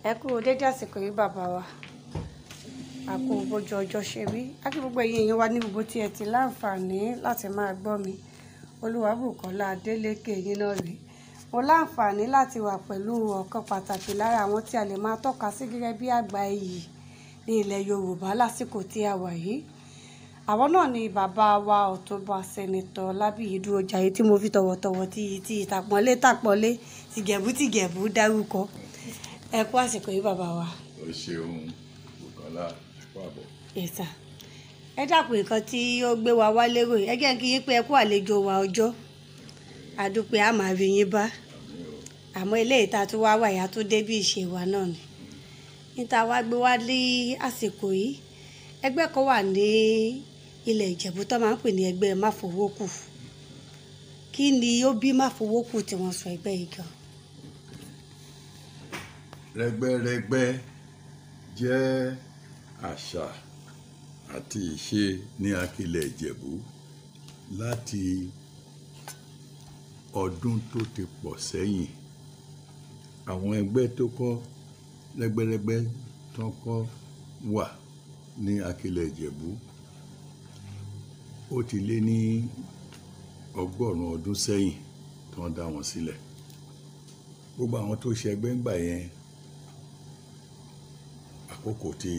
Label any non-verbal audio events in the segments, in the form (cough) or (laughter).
ẹ kú dédé àsìkò yìí bàbá wa a kú bójú ọjọ́ ṣe rí a kí gbogbo ẹ̀yin èèyàn wa ní gbogbo tí ẹ ti láǹfààní láti máa gbọ́ mi Olúwabùkọ́lá Adélékè yín náà rèé mo láǹfààní láti wà pẹ̀lú ọ̀kan pàtàkì lára àwọn tí a lè máa tọ́ka sí gẹ́gẹ́ bí àgbà iyì ní ilẹ̀ Yorùbá lásìkò tí a wà yìí àwọn náà ni bàbá wa Ọ̀túnba Sẹ́nitọ̀ Lábíyì Dúrójayé tí mo fi tọ̀wọ̀tọ̀wọ̀ ti ti ìtàpọ̀lé tàpọ̀lé tìgẹ̀bú tìgẹ̀bú dárúkọ ẹ kú àsìkò yìí bàbá wa. o ṣeun Bùkọ́lá ẹkú àbọ̀. ìsà ẹ dàpọ̀ nǹkan tí ó gbé wa wá lérò yìí ẹ jẹ́ kí yín pé ẹ kú àlejò wa ọjọ́ àdúpẹ́ a máa rí yín bá àmọ́ eléyìí tá a wá wà yá tó dé bí ìṣe wa náà ni níta wá gbé wá ní àsìkò yìí ẹgbẹ́ kan wà ní ilẹ̀ Ìjẹ̀bú tó máa ń pè ní ẹgbẹ́ máfowókù kí ni ó bí máfowókù tí wọ́n sọ ẹgbẹ́ yìí gan-an rẹ́gbẹ́rẹ́gbẹ́ jẹ́ àṣà àti ìṣe ní akilẹ̀ Ìjẹ̀bú láti ọdún tó ti pọ̀ sẹ́yìn àwọn ẹgbẹ́ tó kọ́ rẹ́gbẹ́rẹ́gbẹ́ tó kọ́ wà ní akilẹ̀ Ìjẹ̀bú ó ti lé ní ọgọ́rùn-ún ọdún sẹ́yìn tó ń dá wọn sílẹ̀ gbogbo àwọn tó ṣẹgbẹ́ ńgbà yẹn àkókò tí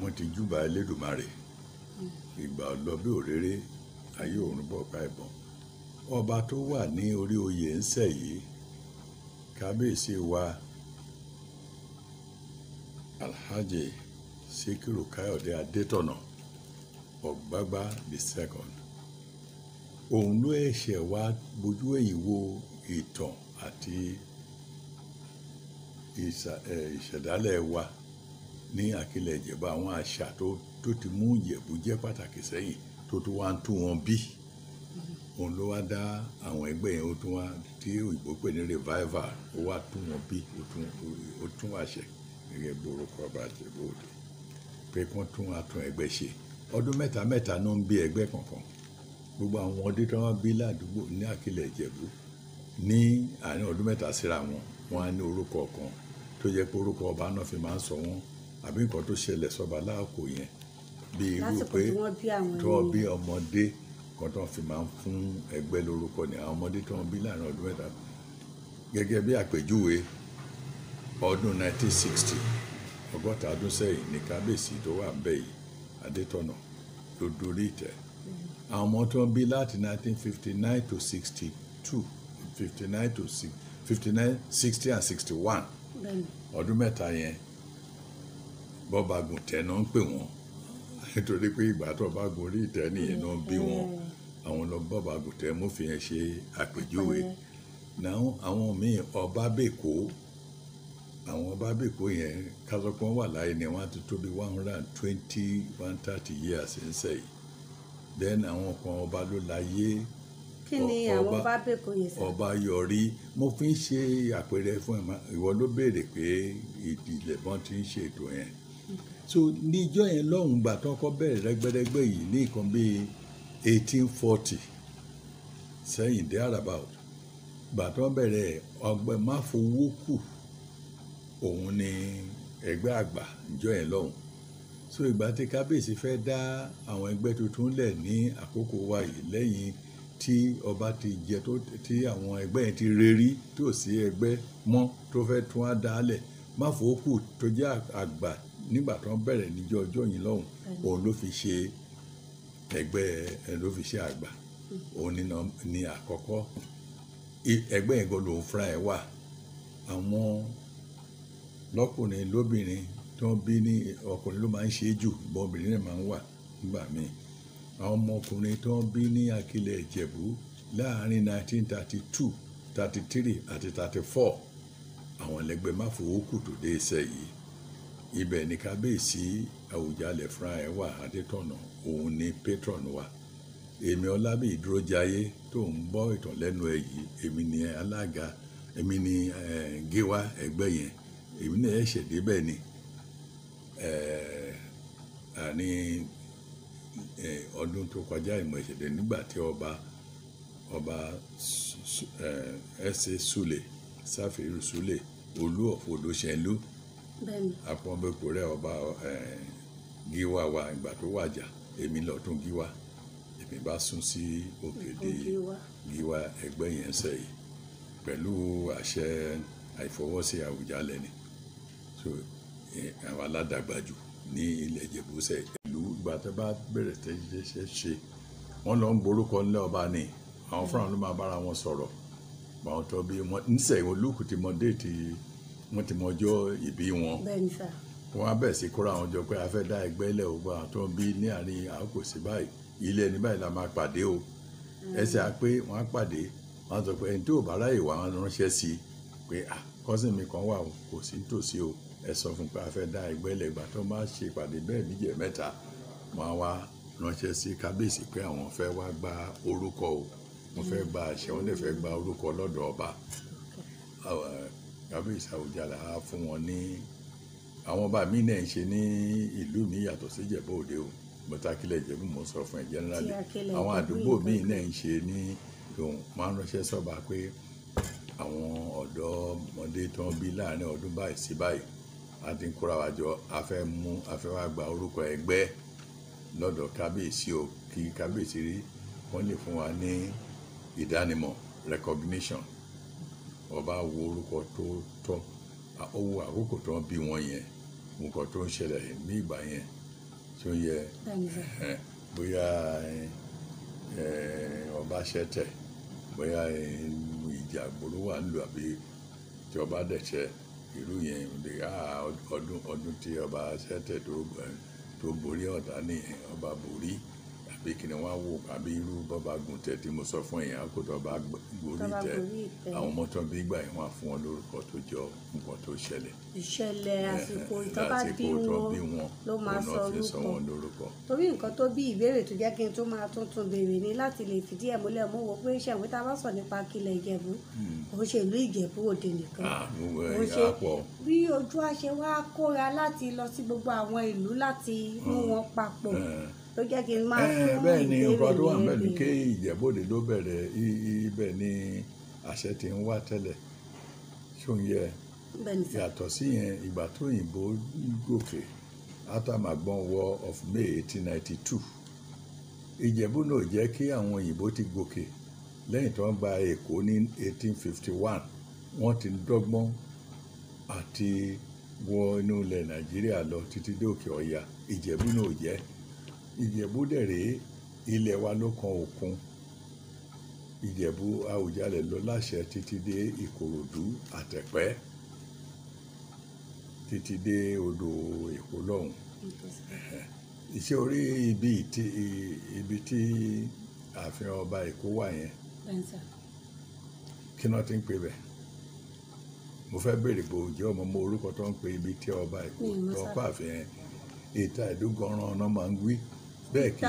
wọ́n ti júbà Elédùmarè ìgbà lọ bí òréré ayé òrùn bọ̀ ká ìbọn ọba tó wà ní orí oyè ń sẹ̀ yìí kábíyèsí wa Alhaji Sikiru Káyọ̀dé Adétọ̀nà Ọ̀gbágbá the second òun ló ẹ̀ṣẹ̀ wá bójú ẹ̀yìn wo ìtàn àti ìṣẹ̀dálẹ̀ wa ní àkílẹ̀ ìjẹ̀bú àwọn àṣà tó ti mú ìjẹ̀bú jẹ́ pàtàkì sẹ́yìn tó tún wá ń tú wọn bí òun ló wá dá àwọn ẹgbẹ́ yẹn ó tún wá tí òyìnbó pè ní revival ó wá tú wọn bí ó tún àṣẹ gẹ́gẹ́ bí orúkọ ọba ìjẹ̀bú òde pé kí wọ́n tún àtún ẹgbẹ́ ṣe ọdún mẹ́ta mẹ́ta ló ń bí ẹgbẹ́ kankan gbogbo àwọn ọdún tí wọ́n bí ládùúgbò ní àkílẹ̀ ìjẹ̀bú ní àárín ọdún mẹ́ta síra wọn wọn á ní orúkọ kan tó jẹ́ pé orúkọ ọba náà fi máa ń sọ wọn àbí nǹkan tó ṣẹlẹ̀ sọ́ba láàkó yẹn bí irú pé tó bí ọmọdé kan tó fi máa ń fún ẹgbẹ́ lórúkọ ni àwọn ọmọdé tó ń bí láàrin ọdún mẹ́ta gẹ́gẹ́ bí àpèjúwe ọdún 1960 ọgọ́ta ọdún sẹ́yìn ní kábíyèsí tó wà bẹ́ẹ̀ yìí adétọ̀nà ló dorí ìtẹ́ àwọn ọmọ tó ń bí láti 1959 to 62 59 to 59 60 and 61 ọdún mẹ́ta yẹn bọ́ba gùntẹ́ náà ń pè wọ́n (laughs) nítorí pé ìgbà tó bá gorí ìtẹ́ nìyẹn náà bí mm-hmm. wọn àwọn lọ bọ́ba gùntẹ́ mú fi yẹn ṣe àpèjúwe mm-hmm. àwọn míì ọba bèkó àwọn ọba bèkó yẹn kásọpọ́n wà láyé ni wọ́n ti tó bí one hundred and twenty one thirty years ń sẹ̀ yìí then àwọn kan ọba ló láyé ọba ọba yọrí mo fi ń ṣe àpẹẹrẹ fún ẹ ìwọ ló béèrè pé ìdílé wọn ti ń ṣètò yẹn so níjọ́ yẹn lọ́hùn gbà tán kọ́ bẹ̀rẹ̀ rẹ́gbẹ́rẹ́gbẹ́ yìí ní nǹkan bíi eighteen forty sẹ́yìn dé arabout gbà tán bẹ̀rẹ̀ ọgbẹ́ má fowó kù òun ni ẹgbẹ́ àgbà níjọ́ yẹn lọ́hùn so ìgbà tí kábíyèsí fẹ́ dá àwọn ẹgbẹ́ tuntun lẹ̀ ní àkókò wa yìí lẹ́yìn tí ọba ti jẹ tó tí àwọn ẹgbẹ́ yẹn ti rerí tí ò sí ẹgbẹ́ mọ́ tó fẹ́ tún á dá lẹ̀ má fowó kù tó jẹ́ àgbà nígbà tó ń bẹ̀rẹ̀ níjọ́ ọjọ́ yìí lọ́hùn òun ló fi ṣe ẹgbẹ́ ló fi ṣe àgbà hmm. òun ni àkọ́kọ́ ẹgbẹ́ yẹn gan lòun fúnra ẹ̀ wà àwọn lọ́kùnrin lóbìnrin tó ń bí ní ọkùnrin ló máa ń ṣe é jù bọ́ obìnrin náà máa ń wà nígbà míì àwọn ọmọkùnrin tó ń bí ní Akílẹ̀ Ìjẹ̀bú láàárín 1932 33 àti 34 àwọn ẹlẹgbẹ́ máfowókù tó dé iṣẹ́ yìí ibẹ̀ ni kábíyèsí àwùjalẹ̀ fúnra ẹ̀ wà adétọ̀nà òun ni patron wa èmi ọlábíyì dúrójayé tó ń bọ́ ìtàn lẹ́nu ẹ̀ yìí èmi ni alága èmi ni gíwá ẹgbẹ́ yẹn èmi náà ẹ̀ ṣẹ̀débẹ̀ ni àní ọdún tó kọjá ìmọ̀ ìṣẹ̀lẹ̀ nígbà tí ọba ọba ẹsẹ̀ sule sáfìrì sule olú ọ̀fọ̀ odòṣẹ́lú àpọ́nbẹ́kọ rẹ̀ ọba gíwá wa ìgbà tó wàjà èmi lọ́tún gíwá èmi bá sún sí òkèdè gíwá ẹgbẹ́ yẹn sẹ́yìn pẹ̀lú àṣẹ àìfọwọ́sí Àwùjalẹ̀ ni àwọn aládàgbàjù ní ilẹ̀ Ìjẹ̀bú-Òsè ìlú ìgbà tó bá bẹ̀rẹ̀ tẹ́jẹ́ ṣe wọ́n lọ ń gborúkọ nílẹ̀ ọba ni àwọn fúlàní ló máa bára wọn sọ̀rọ̀ àwọn tó bí wọn nísẹ̀ olókùtì mọ́ déètì wọ́n ti mọ ọjọ́ ìbí wọn wọ́n á bẹ̀ sí kóra àwọn jọ pé a fẹ́ dá ẹgbẹ́ ilẹ̀ ògbà tó ń bí ní àárín àkókò sí báyìí ilé ẹni báyìí la máa pàdé o mm. ẹsẹ̀ á pé wọ́n á pàdé wọ́n á sọ pé ẹni tí ò bá ráyè wá ránṣẹ́ sí i pé ah kọ́sìn mi kan wà kò sí nítòsí o ẹ sọ fún pé a fẹ́ dá ẹgbẹ́ ilẹ̀ ìgbà tó máa ṣe ìpàdé bẹ́ẹ̀ níjẹ̀ mẹ́ta wọ́n á wá ránṣẹ́ sí kábíyèsí pé àwọn fẹ́ wá gba orúkọ o wọ́n fẹ́ gba àṣẹ wọ́n lè fẹ́ gba orúkọ lọ́dọ̀ ọba kábíyèsí Àwùjalà á fún wọn ní àwọn ọba mi náà ń ṣe ní ìlú mi yàtọ̀ sí Ìjẹ̀bú Òde o mọ́tàkìlẹ̀ Ìjẹ̀bú mò ń sọ fún ẹ̀jẹ̀ ńlá lè àwọn àdúgbò mi náà ń ṣe ní ìhùn máa ń ránṣẹ́ sọ́ba pé àwọn ọ̀dọ́ ọmọdé tó ń bí láàrin ọdún báyìí sí báyìí a ti ń kóra wa jọ a mú a fẹ́ gba orúkọ ẹgbẹ́ lọ́dọ̀ kábíyèsí o kí kábíyèsí rí wọ́n lè fún wa ní ìdánimọ̀ recognition wọ́n bá wo orúkọ tó tọ́ ó wo àkókò tó ń bí wọn yẹn nǹkan tó ń ṣẹlẹ̀ ní ìgbà yẹn tí ó yẹ bóyá ọba ṣẹtẹ̀ bóyá ìjà gbòòrò wà ń lò àbí tí ọba dẹ̀ṣẹ̀ ìlú yẹn lè ọdún ọdún tí ọba ṣẹtẹ̀ tó borí ọ̀tá nìyẹn ọba borí bí kìnìún wá wò àbí irú bọ́ba gùn tẹ̀ tí mo sọ fún yẹn àkótọ́ bá gorí tẹ àwọn ọmọ tó ń bí gbà yẹn wà fún wọn lórúkọ tó jọ nǹkan tó ṣẹlẹ̀. ìṣẹ̀lẹ̀ àsìkò ìtọ́ba bí wọn ló máa sọ orúkọ torí nǹkan tó bí ìbéèrè tó jẹ́ kí n tó máa tuntun béèrè ni láti lè fìdí ẹ̀ múlẹ̀ mú wo pé ṣẹ̀wé tá a bá sọ nípa kílẹ̀ ìjẹ̀bú hmm. kò ṣe ìlú ìjẹ̀bú òde nìkan ah, kò ṣe bí ojú àṣẹ wa kóra láti tó jẹ́ kí n máa fún bẹ́ẹ̀ ni nǹkan tó wà ń bẹ̀ ni kí ìjẹ́bòde ló bẹ̀rẹ̀ ibẹ̀ ni àṣẹ ti ń wá tẹ́lẹ̀ ṣóyẹ yàtọ̀ sí yẹn ìgbà tó òyìnbó gòkè átàmàgbọ́n war of May eighteen ninety two ìjẹ̀bú náà jẹ́ kí àwọn òyìnbó ti gòkè lẹ́yìn tó ń gba èkó ní eighteen fifty one wọ́n ti ń dọ́gbọ́n àti wọ inú ilẹ̀ nàìjíríà lọ títí dé òkè ọya ìjẹ̀bú náà jẹ́ Ìjẹ̀bú dẹ̀ rèé ilẹ̀ wa ló kan òkun Ìjẹ̀bú Àwùjalẹ̀ ló láṣẹ títí dé Ìkòròdú àtẹ̀pẹ́ títí dé odò Èkó lọ́hùn iṣẹ́ orí ibi tí ibi tí ààfin ọba Èkó wà yẹn kí náà ti ń pè bẹ́ẹ̀ mo fẹ́ béèrè bò jẹ́ ọmọ mọ orúkọ tó ń pè ibi tí ọba Èkó tó ń pààfin yẹn ìta ìdúgọ́rán ọ̀nà máa ń wí bẹ́ẹ̀ kì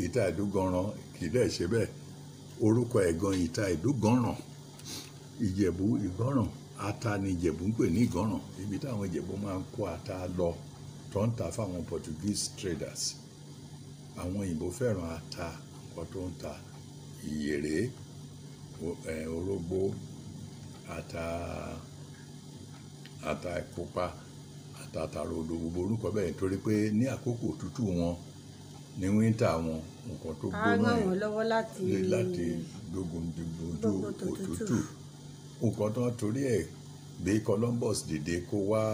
í ìta ìdúgànràn kì í dẹ̀ ṣe bẹ́ẹ̀ orúkọ ẹ̀gan ìta ìdúgànràn ìjẹ̀bú ìgànràn ata ni ìjẹ̀bú ń pè ní ìgànràn ibi táwọn ìjẹ̀bú máa ń kó ata lọ tó ń ta fáwọn Portuguese traders àwọn òyìnbó fẹ́ràn ata nǹkan tó ń ta ìyèrè orógbó ata ata pupa àtàtàrà odò gbogbo orúkọ bẹ́ẹ̀ torí pé ní àkókò òtútù wọn ní wíńtà wọn nǹkan tó gbóná yẹn lè láti gbógun dìbòjú òtútù nǹkan tó torí ẹ̀ gbé Columbus dìde kó wá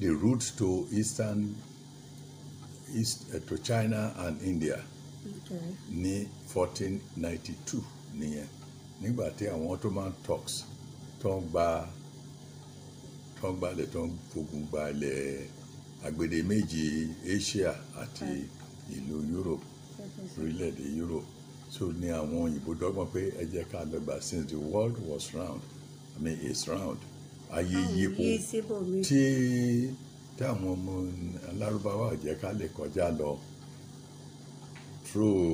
the route to eastern east uh, to China and India okay. ní 1492 nìyẹn nígbà tí àwọn Ottoman Turks tó ń gba tó ń gbalẹ̀ tó ń fogun gbalẹ̀ agbèdè méjì Asia àti. Okay ìlú Europe orílẹ̀-èdè Europe so ní àwọn òyìnbó dọ́gbọ́n pé ẹ jẹ́ ká lọ since the world was round I mean it's round ayé yípo tí táwọn ọmọ alárúbáwá jẹ́ ká lè kọjá lọ through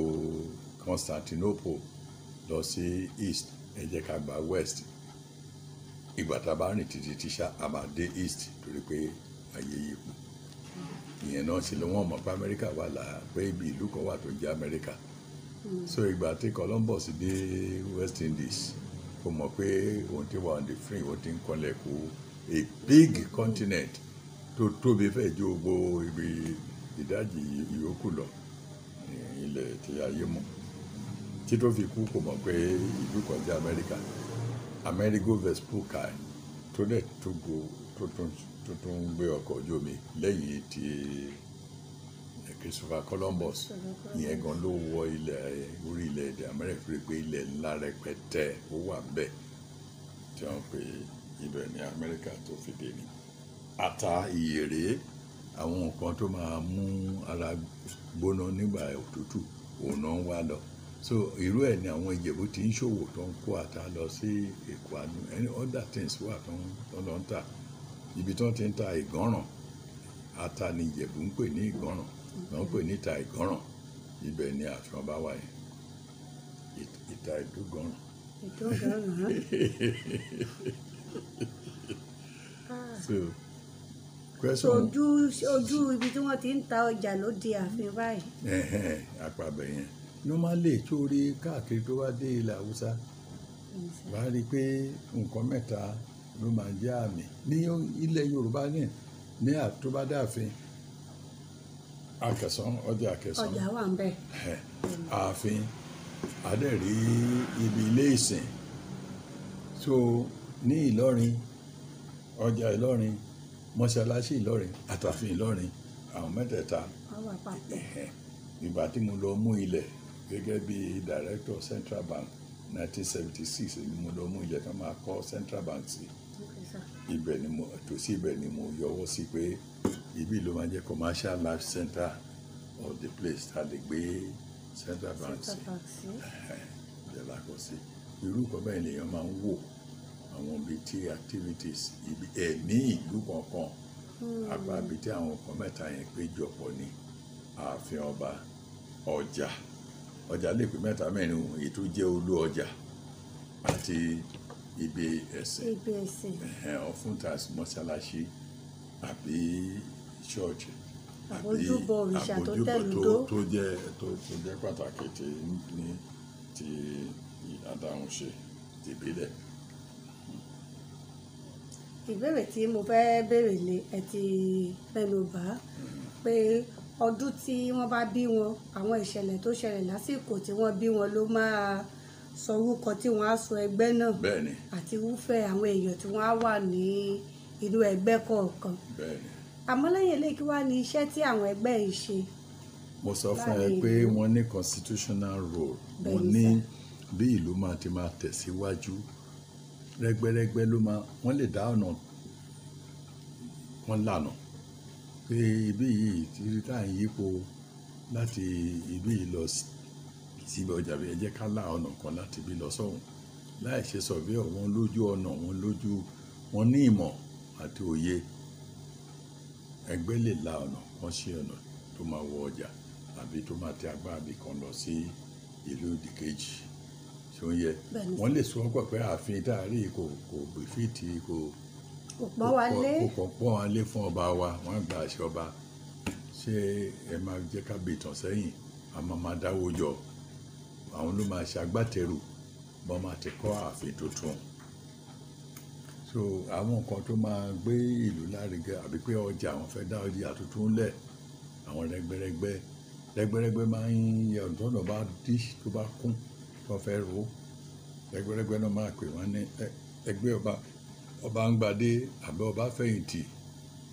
Constantinople lọ sí east ẹ jẹ́ ká gba west ìgbà tá a bá rìn títí tíṣà a máa dé east torí pé ayé yípo ìyẹn náà sì ló wọ́n mọ̀ pé amẹ́ríkà wà là pé ibi ìlú kan wà tó jẹ́ amẹ́ríkà hmm. so ìgbà tí Columbus dé West Indies kò mọ̀ pé òun ti wà on the free òun ti ń kọ́lẹ̀ kó a big continent tó tóbi fẹ́ ju gbogbo ibi ìdajì ìyókù lọ eh, ilẹ̀ tí ayé mọ̀ tí tó fi kú kò mọ̀ pé ìlú kan jẹ́ amẹ́ríkà amẹ́ríkà vespucci tó dẹ̀ tó gbó tó tó tuntun ń gbé ọkọ̀ ojú omi lẹ́yìn tí Christopher Columbus ìyẹn gan ló wọ ilẹ̀ orí ilẹ̀ èdè Amẹ́ríkà fi pé ilẹ̀ ńlá rẹpẹtẹ ó wà bẹ́ẹ̀ tí wọ́n pe ibẹ̀ ní Amẹ́ríkà tó fi dé ni ata ìyèrè àwọn nǹkan tó máa mú ara gbóná nígbà òtútù òun náà ń wá lọ so irú ẹ̀ ni àwọn ìjẹ̀bú ti ń ṣòwò tó ń kó ata lọ sí Èkó àánú any other wà tó ń lọ ń tà ibi tí wọ́n ti ń ta ìgànràn ata ni ìjẹ̀bú ń pè ní ìgànràn wọ́n ń pè níta ìgànràn ibẹ̀ ni àfihàn bá wà yẹn ìta ìdúgànràn. so question. ojú ojú ibi tí wọ́n ti ń ta ọjà ló di àfihàn báyìí. àpàbẹ̀ yẹn normally tó rí káàkiri tó bá dé ilẹ̀ haúsá wàá rí i pé nǹkan mẹ́ta ló máa jẹ́ àmì ní ilẹ̀ Yorùbá ní ní àtúbádáàfin akẹsàn ọjà akẹsàn ọjà wà ń bẹ ààfin adẹ́rí ibi ilé ìsìn so ní Ìlọrin ọjà Ìlọrin mọ́ṣáláṣí Ìlọrin àtàfin Ìlọrin àwọn mẹ́tẹ̀ẹ̀ta ìgbà tí mo lọ mú ilẹ̀ gẹ́gẹ́ bí director Central Bank 1976 ni mo lọ mú ilẹ̀ tó máa kọ́ Central Bank sí. Si ibẹ̀ ni mo tòsí ibẹ̀ ni mo yọwọ́ sí pé ibi ló máa jẹ́ commercial life center of the place ta lè gbé central bank sí ìjọba kò sí irú kan bẹ́ẹ̀ lèèyàn máa ń wò àwọn ibi tí activities ibi ẹ̀ ní ìlú kankan hmm. àgbà ibi tí àwọn kan mẹ́ta yẹn péjọ pọ̀ ní ààfin ọba ọjà ọjà lè pé mẹ́ta mẹ́rin èyí tó jẹ́ olú ọjà àti ibi ẹ̀sìn ibi ẹ̀sìn ọ̀fun tas mọ́ṣáláṣí àbí ṣọ́ọ̀ṣì àbí àbójúbọ tó jẹ́ tó jẹ́ pàtàkì tí ní ti adáhùn ṣe tìbílẹ̀. ìbéèrè tí mo fẹ́ béèrè lé ẹ ti mẹ́nu bà á pé ọdún tí wọ́n bá bí wọn àwọn ìṣẹ̀lẹ̀ tó ṣẹlẹ̀ lásìkò tí wọ́n bí wọn ló máa sọ orúkọ tí wọ́n á sọ ẹgbẹ́ náà àti irúfẹ́ àwọn èèyàn tí wọ́n á wà ní inú ẹgbẹ́ kọ̀ọ̀kan àmọ́ lẹ́yìn eléyìí kí wàá ní iṣẹ́ tí àwọn ẹgbẹ́ yìí ṣe. mo sọ fún ẹ pé wọ́n ní constitutional role wọ́n ní bí ìlú máa ti máa tẹ̀síwájú rẹ́gbẹ́rẹ́gbẹ́ ló máa wọ́n lè dá ọ̀nà wọ́n lànà pé ibi yìí ti rí táà ń yípo láti ibi yìí lọ sí síbi ọjà bí ẹ jẹ́ ká la ọ̀nà kan láti bí lọ sọ́hùn láì ṣe sọ̀bẹ́ wọn lójú ọ̀nà wọn lójú wọn ní ìmọ̀ àti òye ẹgbẹ́ lè la ọ̀nà kan ṣe ọ̀nà tó máa wọ ọjà àbí tó máa tẹ agbára bí kan lọ sí ìlú ìdíkejì tí ó ń yẹ wọ́n lè sọ ọ́pọ̀ pé ààfin dáàrí kò kò bìfìtì kò kò pọ́n wa lé fún ọba wa wọ́n gba àṣẹ ọba ṣé ẹ máa jẹ́ ká bìtàn sẹ́yìn a máa máa dáwó jọ àwọn ló máa ṣagbátẹrù bọ́n máa ti kọ́ ààfin tuntun so àwọn nǹkan tó máa gbé ìlú lárugẹ àbí pé ọjà àwọn fẹ́ dá ọjà tuntun lẹ̀ àwọn rẹgbẹrẹgbẹ rẹgbẹrẹgbẹ máa ń yẹ ọ̀dọ́nà bá dí tó bá kún tó fẹ́ ro rẹgbẹrẹgbẹ náà máa pè wọ́n ní ẹgbẹ́ ọba ọba ń gbadé àbí ọba fẹ̀yìntì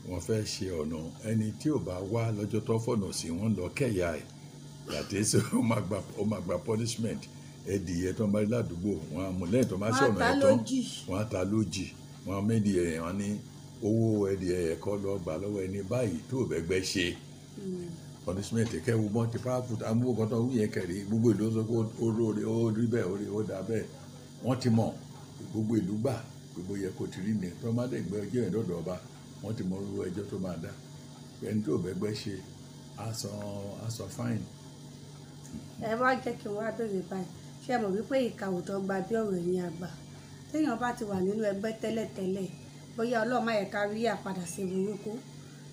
wọ́n fẹ́ ṣe ọ̀nà ẹni tí ò bá wá lọ́jọ́ tó fọ̀nà sí wọ́n lọ kẹ̀yà ẹ̀ that is (laughs) ó máa gba ó máa gba punishment ẹdìyẹ tó ń bá rí ládùúgbò wọn àmọ́ lẹ́yìn tó máa sọ̀rọ̀ ẹ̀ tán wọn á ta lójì wọn á médìẹ yẹn wọn ní owó ẹdìyẹ yẹn kọ́ lọ gbà lọ́wọ́ ẹni báyìí tó o bẹ́gbẹ́ ṣe hmm. punishment kẹ́wù bọ́n ti powerful amúgbó kan tó wù yẹn kẹ̀rí gbogbo ìlú sọ pé ó lóore ó rí bẹ́ẹ̀ ó rí ó dà bẹ́ẹ̀ wọ́n ti mọ̀ gbogbo ìlú gbà gbogbo yẹ kò ti rí ni tó má dẹ̀gbẹ́ ọjọ́ yẹn dọ̀dọ̀ ọba wọ́n ti mọ orú ẹjọ́ tó máa dá ẹni tó bẹ́gbẹ́ ṣe á san á san fine ẹ wá jẹ́ kí n wá béèrè báyìí ṣé mọ̀ wípé ìkà òótọ́ gba bí ọ̀rọ̀ ẹ̀yìn àgbà téèyàn bá ti wà nínú ẹgbẹ́ tẹ́lẹ̀tẹ́lẹ̀ bóyá ọlọ́run máa yẹ ká rí àpadà sí burúkú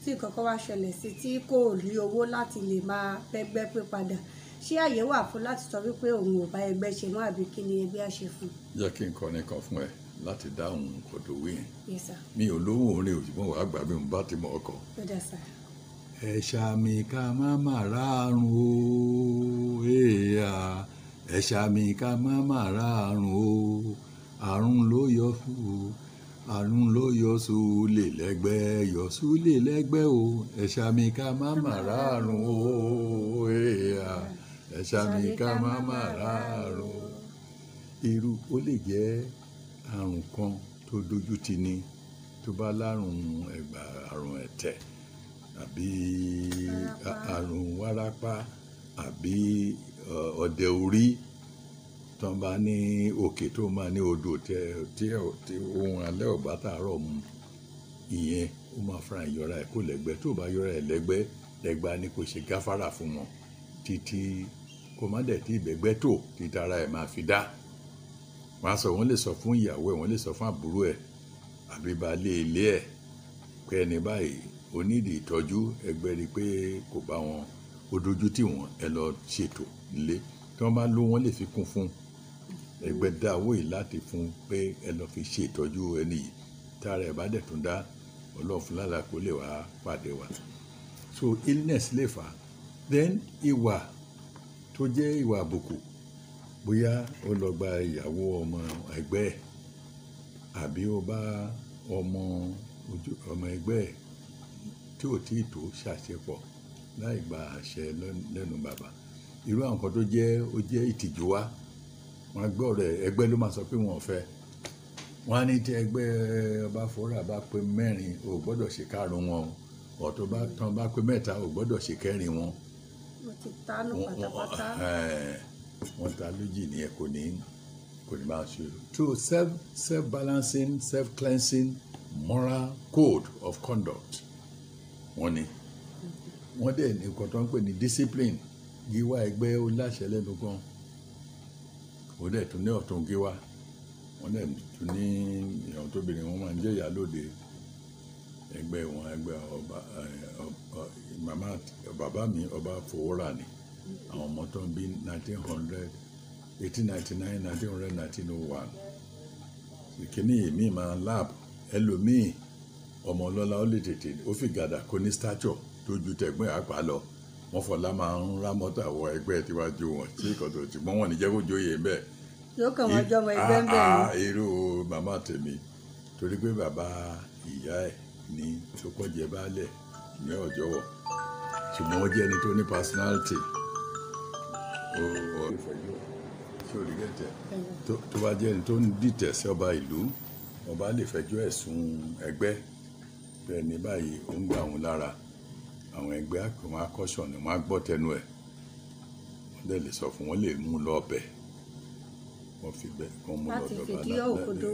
tí kankan wá ṣẹlẹ̀ sí tí kò rí owó láti lè máa bẹ́gbẹ́ pé padà ṣé àyè wà fún láti sọ wípé òun ò bá ẹgbẹ́ ṣe mọ́ àbí kí ni ẹgbẹ́ á ṣe fún. jẹ́ kí n kọ́ ní kan fún ẹ láti dáhùn kò tó yẹn mi ò lówó orin òṣùpọ̀ wàá gbà bí bá ti mọ ọkọ̀. bẹ́ẹ̀ sà ẹ ṣàmì ká má má ráàrùn o èèyà ẹ ṣàmì ká má má ráàrùn o àrùn ló yọ fún o àrùn ló yọ súlè lẹ́gbẹ́ yọ súlè lẹ́gbẹ́ o ẹ ṣàmì ká má má ráàrùn o èèyà ẹ ṣàmì ká má má ráàrùn o irú ó lè jẹ́ àrùn kan tó dojú ti ni tó bá lárùn ẹ̀gbà àrùn ẹ̀tẹ̀ àbí àrùn wárápá àbí ọ̀dẹ orí tán bá ní òkè tó máa ní odò tí ohun alẹ́ ọ̀bá tààrọ̀ mu ìyẹn ó máa fara ìyọra ẹ̀ kó lẹ́gbẹ́ tó bá yọra ẹ̀ lẹ́gbẹ́ lẹ́gbàá ni kò ṣe gáfárà fún wọn títí kó má dẹ̀ tí ìbẹ̀gbẹ́ tó títara ẹ̀ máa fi dá wọn á sọ wọn lè sọ fún ìyàwó ẹ̀ wọn lè sọ fún àbúrò ẹ̀ àbí baálé ilé ẹ̀ pé ẹni báyìí onídìí ìtọ́jú ẹgbẹ́ rí i pé kò bá wọn ó dojú tì wọ́n ẹ lọ ṣètò nílé tí wọ́n bá ló wọ́n lè fi kún fún ẹgbẹ́ dá owó yìí láti fún pé ẹ lọ fi ṣe ìtọ́jú ẹni yìí tára ẹ̀ bá dẹ̀ tún dá ọlọ́run lára kó lè wá pàdé wa so illness lè fà á then ìwà tó jẹ́ ìwà àbùkù bóyá ó lọ gba ìyàwó ọmọ ẹgbẹ́ ẹ̀ àbí ó bá ọmọ ẹgbẹ́ ẹ̀ tí ò tí ì tó ṣàṣepọ̀ láì gba àṣẹ lẹ́nu bàbá irú àwọn kan tó jẹ́ ó jẹ́ ìtìjú wa wọn gbọ́ rẹ̀ ẹgbẹ́ ló máa sọ pé wọn ò fẹ́ wọn á ní tí ẹgbẹ́ ọba fọ́ra bá pé mẹ́rin ò gbọ́dọ̀ ṣe kárùn wọn ọ̀tọ̀ bá tán bá pé mẹ́ta ò gbọ́dọ̀ ṣe kẹrin wọn. mo ti ta nù pátápátá. wọ́n ta lójì nìyẹn kò ní kò ní máa ṣe. true self self balancing self cleansing moral code of conduct wọ́n ní. wọ́n dẹ̀ ní nǹkan tó ń pè ní discipline gíwá ẹgbẹ́ ó láṣẹ lẹ́nu gan ó dẹ̀ tún ní ọ̀tún gíwá wọ́n dẹ̀ tún ní ìyàwó tóbìnrin wọ́n máa ń jẹ́ ìyálòde ẹgbẹ́ wọn ẹgbẹ́ ọba màmá bàbá mi ọba fowórà ni àwọn ọmọ tó ń bí nineteen hundred eighteen ninety nine nineteen hundred nineteen oh one kìíní èmi máa láàbù ẹlòmíì ọmọ ọlọ́lá ó lè tètè ó fi gàdà kó ní stature tó ju tẹ̀gbọ́n àgbà lọ wọ́n fọlá máa ń rá mọ́tò àwọ̀ ẹgbẹ́ tiwájú wọn tí ìkọ̀tò ṣùgbọ́n wọn ní jẹ́ kó jóye bẹ́ẹ̀. yóò kàn wọ́n jọmọ ẹgbẹ́ ń bẹ̀rù. Ah, ah, irú màmá tèmi torí pé bàbá ìyá ẹ̀ ní sókòjẹ́ baálẹ̀ ní ọ̀jọ́wọ̀ ṣùgbọ́n wọ́n jẹ́ ẹni tó ní personality tó bá jẹ́ ẹni tó ń dìtẹ̀ sí ọba ìlú ọba lè fẹjọ́ ẹ̀sùn ẹgbẹ́ pé ẹni báyìí ó ń gbà wọn lára àwọn ẹgbẹ́ àkànwọ́n akọ́ṣọ̀ ni wọ́n á gbọ́ tẹnu ẹ̀ wọ́n dẹ̀ lè sọ fún wọn lè mú lọ ọbẹ̀ wọ́n fi bẹ́ẹ̀ kàn mú lọ dọ̀bà náà òkòdó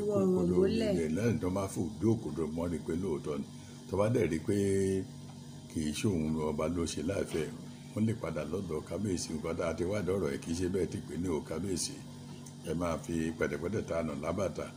ilé lẹ́yìn tó bá fòdó pé lóòótọ́ ni tó bá dẹ̀ rí pé kì í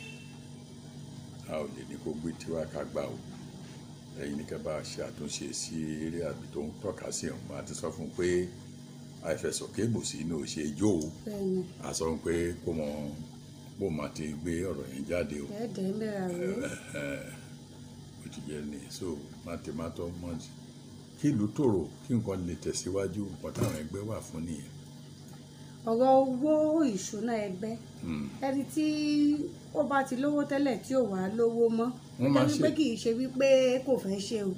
a ò lè ní kó gbé tiwa ká gbà o ẹ̀yin ní kẹ́ bá ṣe àtúnṣe sí eré àbí tó ń tọ́ka sí ọ̀hún máa ti sọ fún un pé àìfẹsọ̀kè bòsí ní òṣè jó o a sọ fún un pé kó mọ bó máa ti gbé ọ̀rọ̀ yẹn jáde o ó ti jẹ́ ní so má ti má tọ́ mọ́ ti kí ìlú tòrò kí nǹkan lè tẹ̀síwájú nǹkan táwọn ẹgbẹ́ wà fún nìyẹn. ọ̀rọ̀ owó ìṣúná ẹgbẹ́ ẹni tí ó bá ti lówó tẹ́lẹ̀ tí ò wá lówó mọ́ nítorí kì í ṣe wípé kò fẹ́ ṣe o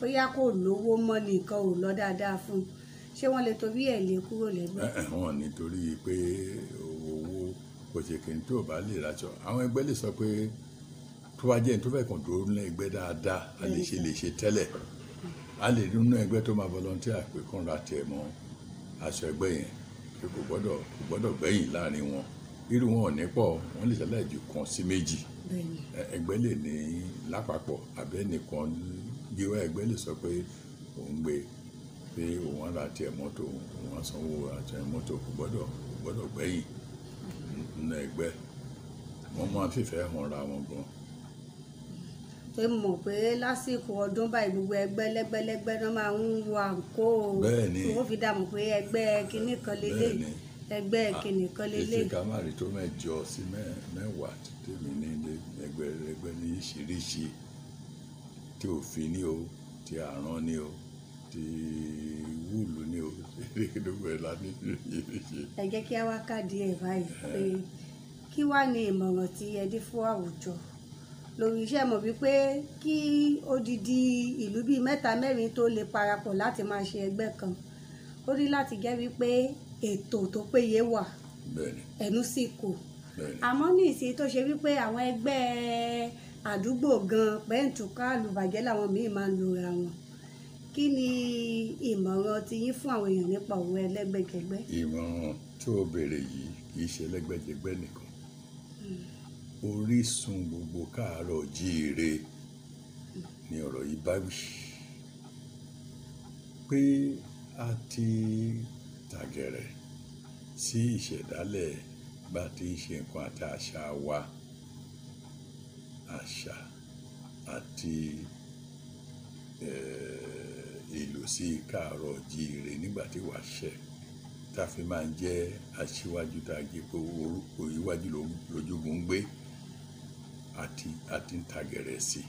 bóyá kò lówó mọ́ nìkan ò lọ dáadáa fún un ṣé wọ́n lè torí ẹ̀ lè kúrò lẹ́gbẹ́. wọn nítorí pé owó òṣèké tó bá lè raṣọ àwọn ẹgbẹ́ lè sọ pé tó bá jẹ́ ní tó fẹ́ kàn dúró ní ẹgbẹ́ dáadáa a lè ṣe lè ṣe tẹ́lẹ̀ a lè rí inú ẹgbẹ́ tó máa volunteer pé kàn ra tiẹ̀ mọ́ aṣọ ẹgbẹ́ yẹn kò gbọ́dọ̀ gbẹ̀yìn láàrin wọn irú wọn ò ní pọ̀ wọ́n lè ṣẹlẹ̀ ju kan sí méjì ẹgbẹ́ lè ní lápapọ̀ àbẹ́ nìkan gbéwá ẹgbẹ́ lè sọ pé òun gbé pé òun ara tiẹ̀ mọ́tò òun sanwó àti mọ́tò kò gbọ́dọ̀ kò gbọ́dọ̀ gbẹ́yìn nínú ẹgbẹ́ wọ́n máa fìfẹ́ hàn ra wọn gan pé mo mọ̀ pé lásìkò ọdún báyìí gbogbo ẹgbẹ́ lẹ́gbẹ́lẹ́gbẹ́ náà máa ń wọ àǹkó o tí wọ́n fi dààmú pé ẹgbẹ́ kinní kan lélẹ́yìí ẹgbẹ́ ah, kìnìún kan lélẹ̀. ètò ìkàmárì tó mẹ́jọ sí mẹ́wàá ti tèmi ní ẹgbẹ́ ẹgbẹ́ ní ìṣiríṣi tí òfin ni o ti àrán ni o ti wúlù ni o (laughs) gbogbo ẹ̀ la ní ìṣiríṣi. ẹ jẹ́ kí a wá káàdì ẹ̀ báyìí eh. pé kí wàá ní ìmọ̀ràn tí ẹ dé fún àwùjọ lórí iṣẹ́ mọ̀ wípé kí odidi ìlú bíi mẹ́ta mẹ́rin tó lè parapọ̀ láti máa ṣe ẹgbẹ́ kan ó ní láti jẹ́ wípé ètò tó péye wà ẹnu sì kò àmọ́ ní ìsìn tó ṣe wípé àwọn ẹgbẹ́ àdúgbò gan pẹ́ǹtùká àlùbàjẹ́ làwọn míì máa ń lora wọn kí ni ìmọ̀ràn ti yín fún àwọn èèyàn nípa òwe ẹlẹ́gbẹ́jẹgbẹ́. ìmọ̀ràn tí o béèrè yìí kì í ṣe ẹlẹ́gbẹ́jẹgbẹ́ nìkan hmm. orísun gbogbo káàárọ̀ jíire ni ọ̀rọ̀ yìí bá wí pé a ti tàgẹ̀rẹ̀ sí ìṣẹ̀dálẹ̀ bá ti ń ṣe nǹkan àti àṣà wa, àṣà àti ìlòsí káàárọ̀ o jíire nígbà tí wàá ṣẹ̀ tá fi máa ń jẹ́ aṣíwájú tá a jẹ́ pé orúkọ iwájú lójúgun ń gbé àti àti ń tàgẹ̀rẹ̀ sí.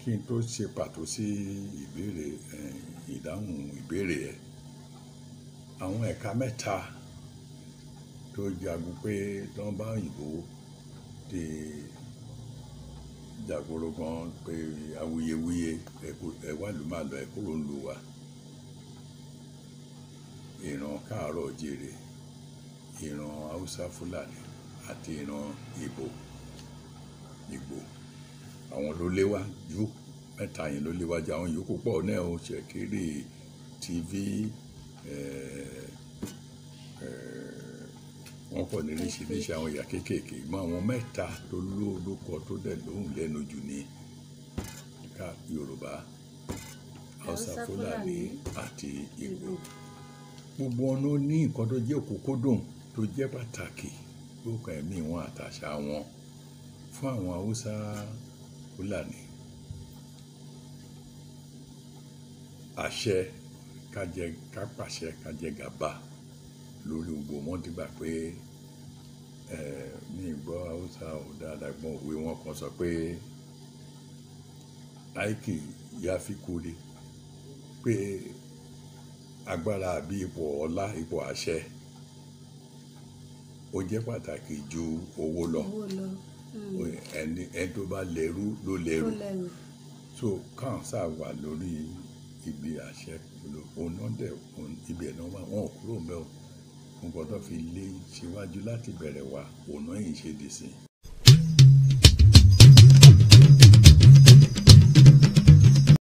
Kí n tó ṣe pàtó sí ìbéèrè ìdáhùn ìbéèrè ẹ̀ àwọn ẹ̀ka mẹ́ta tó jagun pé tán bá òyìnbó ti jàgbóró gan pé awuyewuye ẹ wá lù má lọ ẹ kúrò ń lu wa ìran káàárọ̀ jèrè ìran haúsá fúlàní àti ìran ìgbò ìgbò àwọn ló léwájú mẹ́ta yẹn ló léwájú àwọn yòókù pọ̀ náà ó ṣèkéré tv Eh, eh, wọ́n pọ̀ lóríṣiríṣi àwọn ìyá kéékèèké mọ́ àwọn mẹ́ta tó lórúkọ tó dẹ̀ lóhùn lẹ́nu jù ní ká Yorùbá Hausa Fúlàní àti Ìgbò gbogbo ọ̀nà ní nǹkan tó jẹ́ òkúkódùn tó jẹ́ pàtàkì lóka ẹ̀mí wọn àtàṣà wọn fún àwọn Hausa Fúlàní àṣẹ kájẹ kápàṣẹ kájẹ gàba lórí gbogbo wọn dìgbà pé ẹ ní ìgbọ́ haúsá ò dáadáa òwe wọn kan sọ pé láìkì ya fi kúre pé agbára àbí ipò ọlá ipò àṣẹ ó jẹ́ pàtàkì ju owó lọ hmm. ẹni ẹni tó bá lẹ́rú ló lẹ́rú so kàn sáà wà lórí ibi àṣẹ lọ òun náà dẹ̀ ibẹ̀ náà wà wọn ò kúrò ń bẹ̀ o nǹkan tó fi lé síwájú láti bẹ̀rẹ̀ wá òun náà yìí ṣe dì sí i.